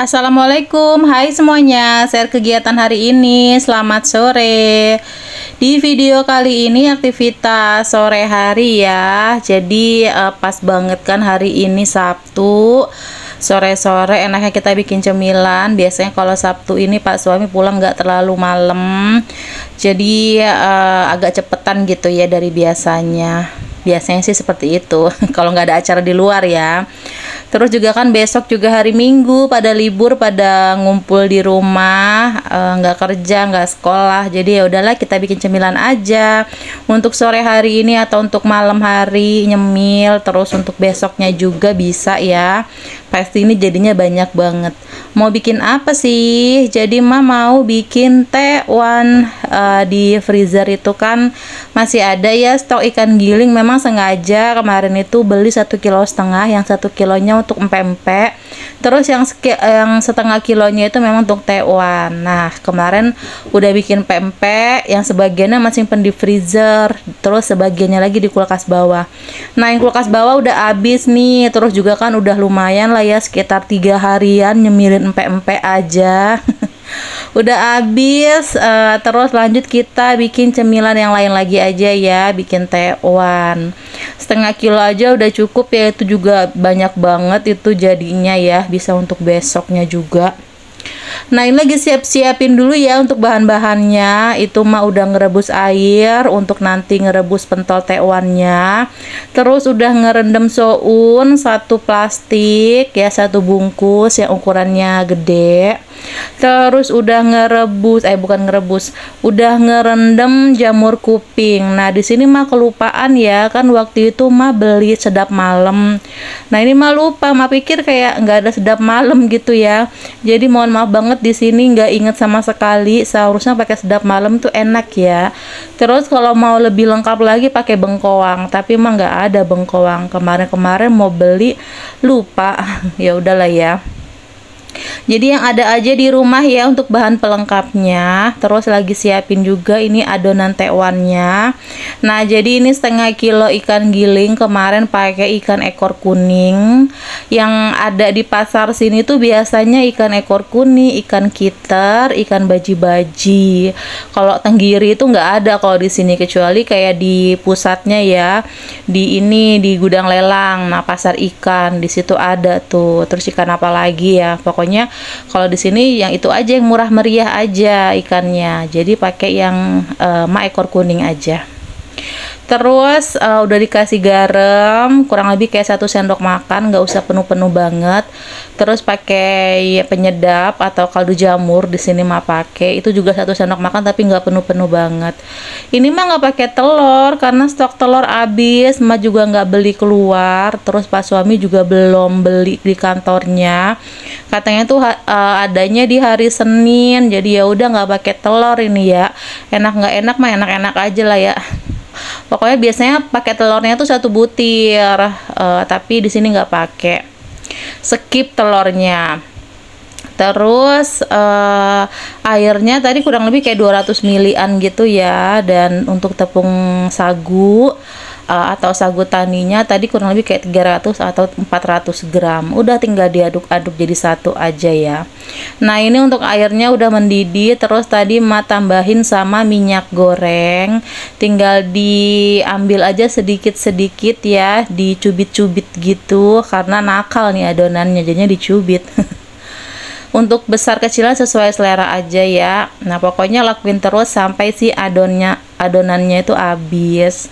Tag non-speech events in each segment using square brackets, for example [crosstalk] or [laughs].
Assalamualaikum, hai semuanya, share kegiatan hari ini, selamat sore Di video kali ini aktivitas sore hari ya Jadi eh, pas banget kan hari ini Sabtu Sore-sore enaknya kita bikin cemilan Biasanya kalau Sabtu ini Pak Suami pulang gak terlalu malam Jadi eh, agak cepetan gitu ya dari biasanya Biasanya sih seperti itu [laughs] Kalau nggak ada acara di luar ya Terus juga kan besok juga hari Minggu pada libur pada ngumpul di rumah eh, nggak e, kerja nggak sekolah jadi ya udahlah kita bikin cemilan aja untuk sore hari ini atau untuk malam hari nyemil terus untuk besoknya juga bisa ya pasti ini jadinya banyak banget mau bikin apa sih jadi ma mau bikin teh one uh, di freezer itu kan masih ada ya stok ikan giling memang sengaja kemarin itu beli satu kilo setengah yang satu kilonya untuk empempe terus yang yang setengah kilonya itu memang untuk tewan nah kemarin udah bikin pempe yang sebagiannya masih pen di freezer terus sebagiannya lagi di kulkas bawah nah yang kulkas bawah udah habis nih terus juga kan udah lumayan lah ya sekitar tiga harian nyemirin empek aja [laughs] udah habis uh, terus lanjut kita bikin cemilan yang lain lagi aja ya bikin tewan setengah kilo aja udah cukup ya itu juga banyak banget itu jadinya ya bisa untuk besoknya juga Nah ini lagi siap-siapin dulu ya untuk bahan-bahannya Itu mah udah ngerebus air untuk nanti ngerebus pentol tewannya Terus udah ngerendam soun satu plastik ya satu bungkus yang ukurannya gede terus udah ngerebus eh bukan ngerebus udah ngerendam jamur kuping nah di sini mah kelupaan ya kan waktu itu mah beli sedap malam nah ini mah lupa mah pikir kayak nggak ada sedap malam gitu ya jadi mohon maaf banget di sini nggak inget sama sekali seharusnya pakai sedap malam tuh enak ya terus kalau mau lebih lengkap lagi pakai bengkoang tapi mah nggak ada bengkoang kemarin-kemarin mau beli lupa [laughs] ya udahlah ya jadi yang ada aja di rumah ya untuk bahan pelengkapnya terus lagi siapin juga ini adonan tewannya nah jadi ini setengah kilo ikan giling kemarin pakai ikan ekor kuning yang ada di pasar sini tuh biasanya ikan ekor kuning ikan kiter ikan baji-baji kalau tenggiri itu nggak ada kalau di sini kecuali kayak di pusatnya ya di ini di gudang lelang nah pasar ikan di situ ada tuh terus ikan apa lagi ya pokoknya pokoknya kalau di sini yang itu aja yang murah meriah aja ikannya jadi pakai yang uh, eh, ma ekor kuning aja terus uh, udah dikasih garam kurang lebih kayak satu sendok makan nggak usah penuh-penuh banget terus pakai penyedap atau kaldu jamur di sini mah pakai itu juga satu sendok makan tapi nggak penuh-penuh banget ini mah nggak pakai telur karena stok telur habis mah juga nggak beli keluar terus pas suami juga belum beli di kantornya katanya tuh uh, adanya di hari Senin jadi ya udah nggak pakai telur ini ya enak nggak enak mah enak-enak aja lah ya pokoknya biasanya pakai telurnya tuh satu butir uh, tapi di sini nggak pakai skip telurnya terus uh, airnya tadi kurang lebih kayak 200 milian gitu ya dan untuk tepung sagu uh, atau sagu taninya tadi kurang lebih kayak 300 atau 400 gram udah tinggal diaduk-aduk jadi satu aja ya nah ini untuk airnya udah mendidih terus tadi ma tambahin sama minyak goreng tinggal diambil aja sedikit-sedikit ya dicubit-cubit gitu karena nakal nih adonannya jadinya dicubit [laughs] untuk besar kecilan sesuai selera aja ya nah pokoknya lakuin terus sampai si adonnya adonannya itu habis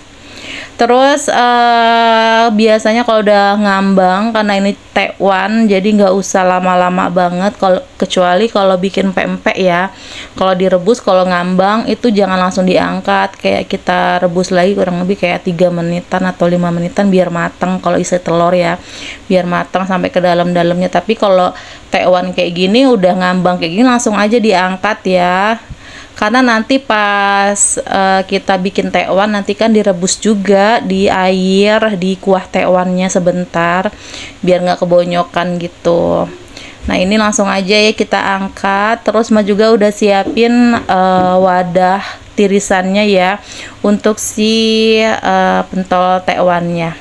terus uh, biasanya kalau udah ngambang karena ini tekwan jadi nggak usah lama-lama banget kalau kecuali kalau bikin pempek ya kalau direbus kalau ngambang itu jangan langsung diangkat kayak kita rebus lagi kurang lebih kayak 3 menitan atau 5 menitan biar matang kalau isi telur ya biar matang sampai ke dalam-dalamnya tapi kalau tekwan kayak gini udah ngambang kayak gini langsung aja diangkat ya karena nanti pas uh, kita bikin tekwan nanti kan direbus juga di air di kuah tekwannya sebentar biar nggak kebonyokan gitu nah ini langsung aja ya kita angkat terus mah juga udah siapin uh, wadah tirisannya ya untuk si uh, pentol tekwannya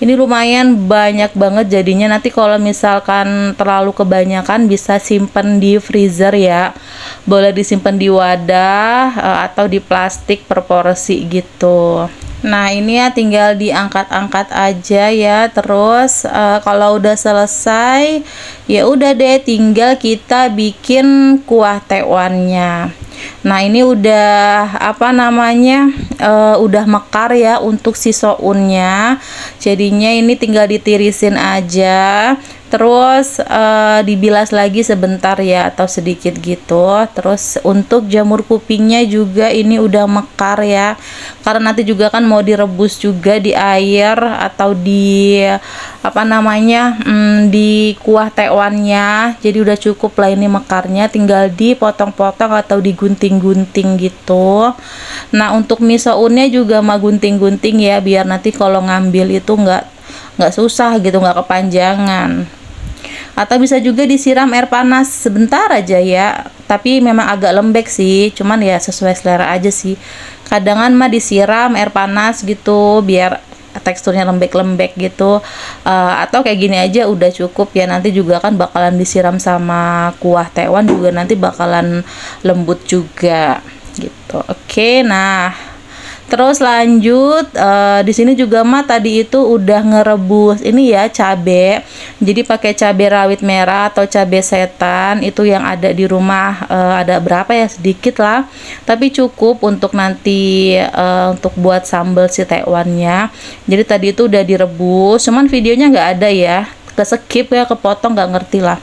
ini lumayan banyak banget jadinya nanti kalau misalkan terlalu kebanyakan bisa simpen di freezer ya boleh disimpan di wadah uh, atau di plastik proporsi gitu nah ini ya tinggal diangkat-angkat aja ya terus uh, kalau udah selesai ya udah deh tinggal kita bikin kuah tewannya Nah ini udah apa namanya uh, udah mekar ya untuk si sounnya. Jadinya ini tinggal ditirisin aja terus uh, dibilas lagi sebentar ya atau sedikit gitu terus untuk jamur kupingnya juga ini udah mekar ya karena nanti juga kan mau direbus juga di air atau di apa namanya hmm, di kuah tewannya jadi udah cukup lah ini mekarnya tinggal dipotong-potong atau digunting-gunting gitu nah untuk miso unnya juga mah gunting-gunting ya biar nanti kalau ngambil itu nggak nggak susah gitu nggak kepanjangan atau bisa juga disiram air panas sebentar aja ya tapi memang agak lembek sih cuman ya sesuai selera aja sih kadangan mah disiram air panas gitu biar teksturnya lembek-lembek gitu uh, atau kayak gini aja udah cukup ya nanti juga kan bakalan disiram sama kuah tewan juga nanti bakalan lembut juga gitu oke okay, nah Terus lanjut uh, di sini juga mah tadi itu udah ngerebus ini ya cabe. Jadi pakai cabe rawit merah atau cabe setan itu yang ada di rumah uh, ada berapa ya sedikit lah. Tapi cukup untuk nanti uh, untuk buat sambal si tewannya. Jadi tadi itu udah direbus, cuman videonya nggak ada ya. Ke skip ya, kepotong nggak ngerti lah.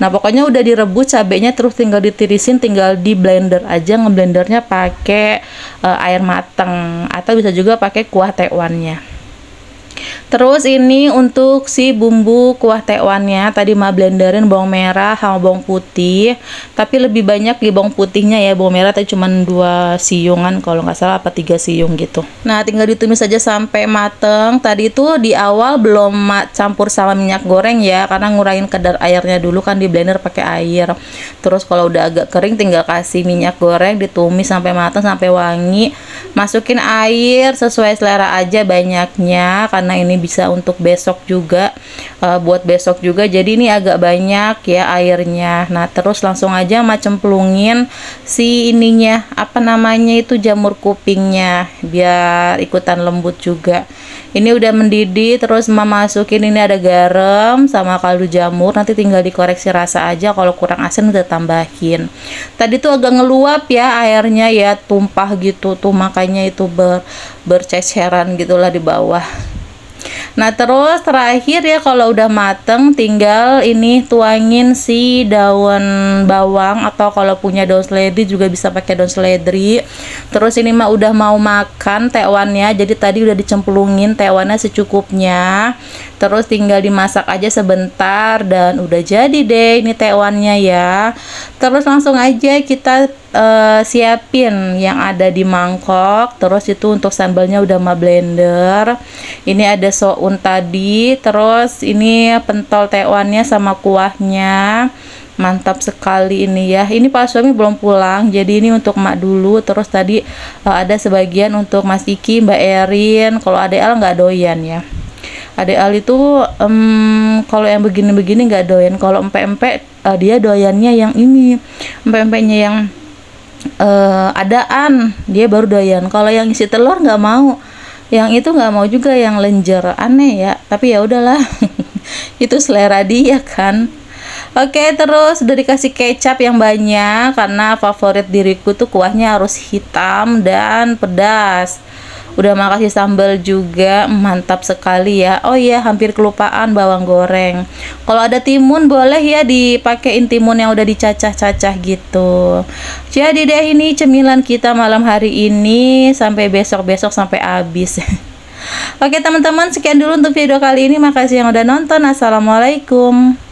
Nah, pokoknya udah direbus cabenya terus tinggal ditirisin, tinggal di blender aja ngeblendernya pakai uh, air mateng atau bisa juga pakai kuah tewannya. Terus ini untuk si bumbu kuah tekwannya tadi ma blenderin bawang merah sama bawang putih. Tapi lebih banyak di bawang putihnya ya. Bawang merah tadi cuma dua siungan kalau nggak salah apa tiga siung gitu. Nah, tinggal ditumis aja sampai mateng. Tadi itu di awal belum ma campur sama minyak goreng ya karena ngurangin kadar airnya dulu kan di blender pakai air. Terus kalau udah agak kering tinggal kasih minyak goreng ditumis sampai mateng sampai wangi. Masukin air sesuai selera aja banyaknya karena ini bisa untuk besok juga uh, buat besok juga jadi ini agak banyak ya airnya nah terus langsung aja macam pelungin si ininya apa namanya itu jamur kupingnya biar ikutan lembut juga ini udah mendidih terus mama masukin ini ada garam sama kaldu jamur nanti tinggal dikoreksi rasa aja kalau kurang asin udah tambahin tadi tuh agak ngeluap ya airnya ya tumpah gitu tuh makanya itu ber berceceran gitulah di bawah Nah, terus terakhir ya kalau udah mateng tinggal ini tuangin si daun bawang atau kalau punya daun seledri juga bisa pakai daun seledri. Terus ini mah udah mau makan tewannya Jadi tadi udah dicemplungin tewannya secukupnya terus tinggal dimasak aja sebentar dan udah jadi deh ini tewannya ya terus langsung aja kita uh, siapin yang ada di mangkok terus itu untuk sambalnya udah ma blender ini ada soun tadi terus ini pentol tewannya sama kuahnya mantap sekali ini ya ini pak suami belum pulang jadi ini untuk mak dulu terus tadi eh, ada sebagian untuk mas Iki mbak Erin kalau ada el nggak doyan ya adik Ali tuh um, kalau yang begini-begini nggak doyan kalau empek-empek uh, eh, dia doyannya yang ini empek-empeknya yang uh, adaan dia baru doyan kalau yang isi telur nggak mau yang itu nggak mau juga yang lenjer aneh ya tapi ya udahlah [laughs] itu selera dia kan Oke, terus udah dikasih kecap yang banyak karena favorit diriku tuh kuahnya harus hitam dan pedas udah makasih sambal juga mantap sekali ya oh iya hampir kelupaan bawang goreng kalau ada timun boleh ya dipakein timun yang udah dicacah-cacah gitu jadi deh ini cemilan kita malam hari ini sampai besok-besok sampai habis [laughs] Oke teman-teman sekian dulu untuk video kali ini makasih yang udah nonton assalamualaikum